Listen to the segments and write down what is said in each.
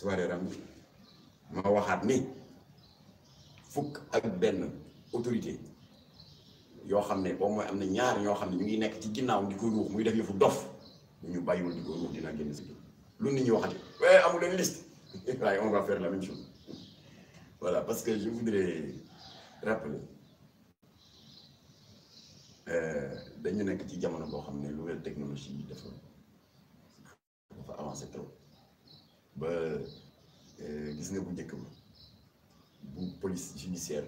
soirée am ma waxat ni fuk ak ben autorité yo xamné bo moy amna ñaar ño xamné ñu ngi nekk ci ginnaw di ko ruux muy def yëfu dof ñu bayiwul di ko ruux dina génn ci lu nit ñi waxati waaye eh, amul une liste waaye on va faire la même chose voilà parce que je voudrais rappeler euh, dañu nekk ci jamono boo xam ne nouvelle technologie yi dafa dafa avancé trop ba euh, nga police judiciaire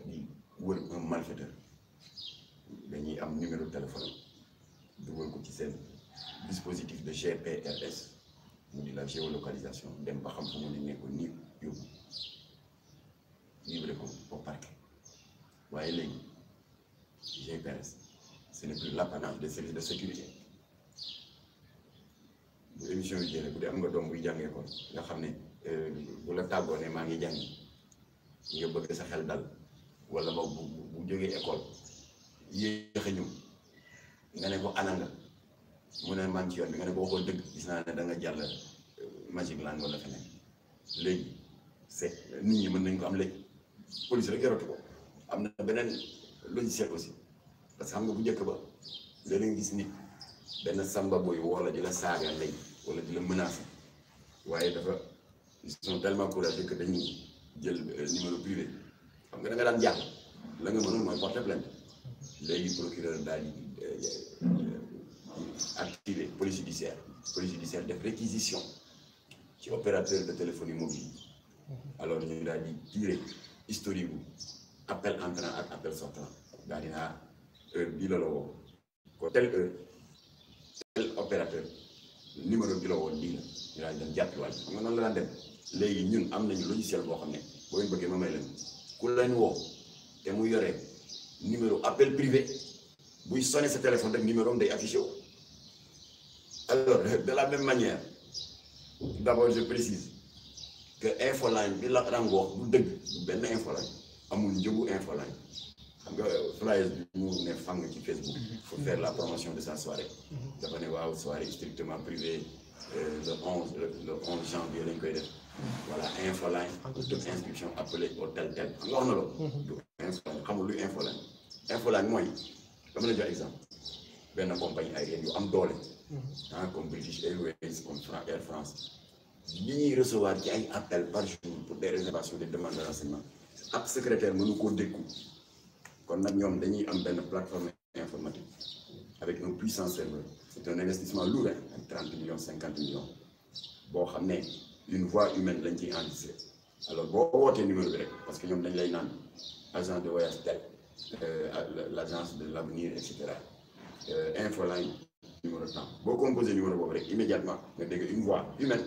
un malfaiteur dañuy un numéro de téléphone un dispositif de GPRS la géolocalisation dem au parc. ce n'est plus l'apanage des services de sécurité solution yi jëlee bu doom buy jàngee ko nga xam ne euh, bu la tàggoo maa ngi jàngi bëgg sa xel dal wala boog bu bu jógee école yéex ana nga ne maa ngi ci yoon bi nga ne da nga jàll euh, magique langue wala feneen nit ñi mën nañ ko am léegi police rek yoratu ko am na beneen logiciel aussi parce que xam nga bu njëkk ba léeg-léeg gis nit benn samba booy woo la di la saaga léegi wala di la menace. ils sont tellement courageux que dañu jël euh, numéro privé xam nga da nga daan jàpp nga plainte le procureur euh, euh, police judiciaire police judiciaire des réquisition sur opérateur de téléphonie mobile alors ñu a dit, tiré historique bu appel entrant et appel sortant D'ailleurs, dinaa heure la tel opérateur numéro bi la woon lii la ñu daan dem xam nga nan laa daan dem léegi ñun am nañu logiciel boo xam ne boo leen bëggee ma may leen ku leen woo te mu yore numéro appel privé buy sonné sa téléphone rek numéro am day affiché wu. alors de manière d' abord je précise que infoline bi la daan wax dëgg du benn infoline amul njëgu infoline. nga flyers bi mu ne fang ci Facebook. pour faire la promotion de sa soirée. dafa ne waaw soirée strictement privée euh, le 11 le onze janvier lañ koy def. voilà infoline. toute inscription appelée au tel tel on a na loolu. Mhm. du infoline xamul lu infoline. comme mooy dama la jox exemple benn compagnie aérienne am mhm. ah comme British Airways comme Air France. Ni recevoir ci ay appels par jour pour des réservations des demandes de renseignement Ap secrétaire mënu koo dékku. On a ñom dañuy am ben plateforme informatique avec nos puissants serveurs. c'est un investissement lourd 30 hein, millions 50 millions Bo xamné une voix humaine lañ ciy enregistré alors bo woté numéro bi rek parce que ñom dañ lay agent de voyage tel euh, l'agence de l'avenir etc. cetera euh, infoline numéro temps Bo composé numéro boobu rek immédiatement nga dégg une voix humaine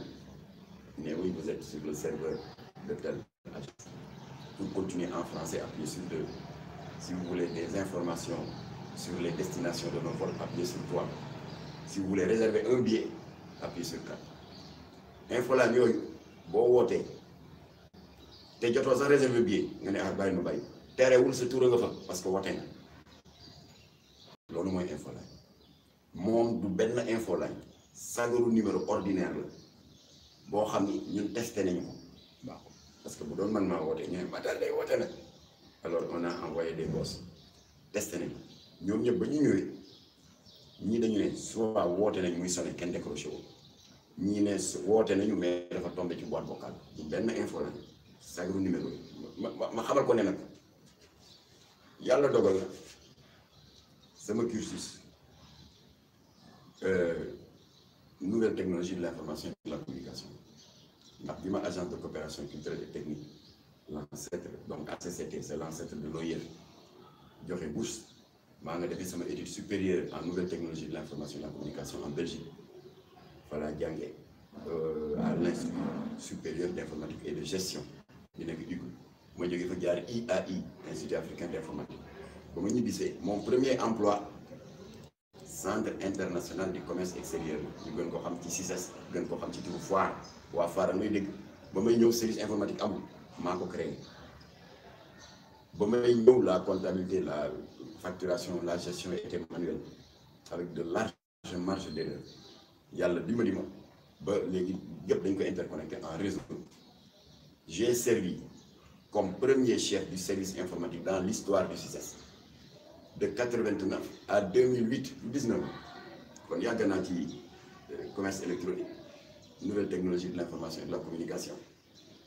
mais oui vous êtes sur le serveur de tel agence Vous continuez en français appuyer sur 2. Si vous voulez des informations sur les destinations de nos vols, appuyez sur 3. Si vous voulez réserver un billet, appuyez sur 4. Info la yooyu boo wootee te jotoo sax réserver billet nga ne ah bàyyi ma bàyyi terewul sa tur nga fa parce que vous avez un mooy info line moom du benn info line le numéro ordinaire Bon boo xam testé nañu parce que vous avez un maa vous avez un ma alors on a envoyé des boss testé Nous ñoom ñëpp nous sommes dañu soit nañ muy sonné décroché nañu mais dafa ci boîte vocale une info la numéro ma xamal ko dogal cursus euh, nouvelle technologie de l'information et de la communication Je de coopération culturelle et technique l'ancêtre donc ACCT, c'est l'ancêtre de l'OIL joxe fait maa étude supérieure en nouvelles technologies de l'Information et de la communication en Belgique voilà jàngee euh, à l'institut supérieur d'informatique et de gestion Moi, j'ai fait ma fa IAI institut africain d'Informatique. Comme mon premier emploi centre international du commerce extérieur ñu gën ko xam ci CICES le ko xam ci turu foire waa foire am ngay service informatique maa créé la comptabilité la facturation la gestion était manuelle avec de larges marges d'erreur il y a le léegi yëpp dañ ko interconnecté en réseau j'ai servi comme premier chef du service informatique dans l'histoire du CISES, de 1989 à 2008 19 kon y a ci euh, commerce électronique nouvelle technologie de l'information et de la communication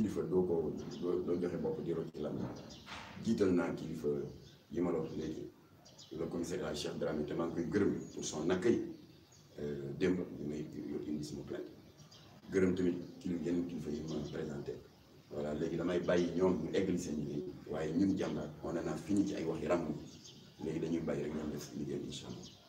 kilifa doo ko doo joxe bopp di rocc lan jiital naa kilifa yi ma la wax léegi le commissariat Cheikh drame te maa koy gërëm pour son accueil euh, démb bi may yo indi sama plainte gërëm tamit kilifa yeen kilifa yi ma présenté voilà léegi damay bàyyi ñom église eggali seen waye ñun jàmbaar on a fini ci ay wax yi ràmm léegi dañuy bàyyi rek ñoom def liggéey bi